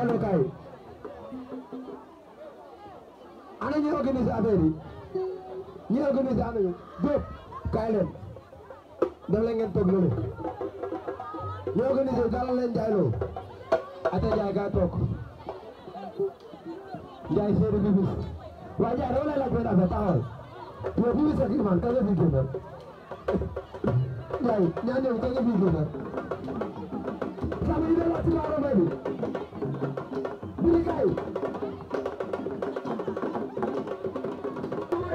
teewlukaay ana ñuy organiser affaire yi ñuy organiser ana ñu Diop kaay leen def leen ngeen toog loolu ñuy organiser dalal leen Ndiaye a ate Ndiaye kaa toog Ndiaye seeri bi bis waa Ndiaye dama lay laaj benn affaire taxawal yow bi bis ak Iman la fi génn Ndiaye ñaan yow kañ la fi génn sama de la ci laa romee bi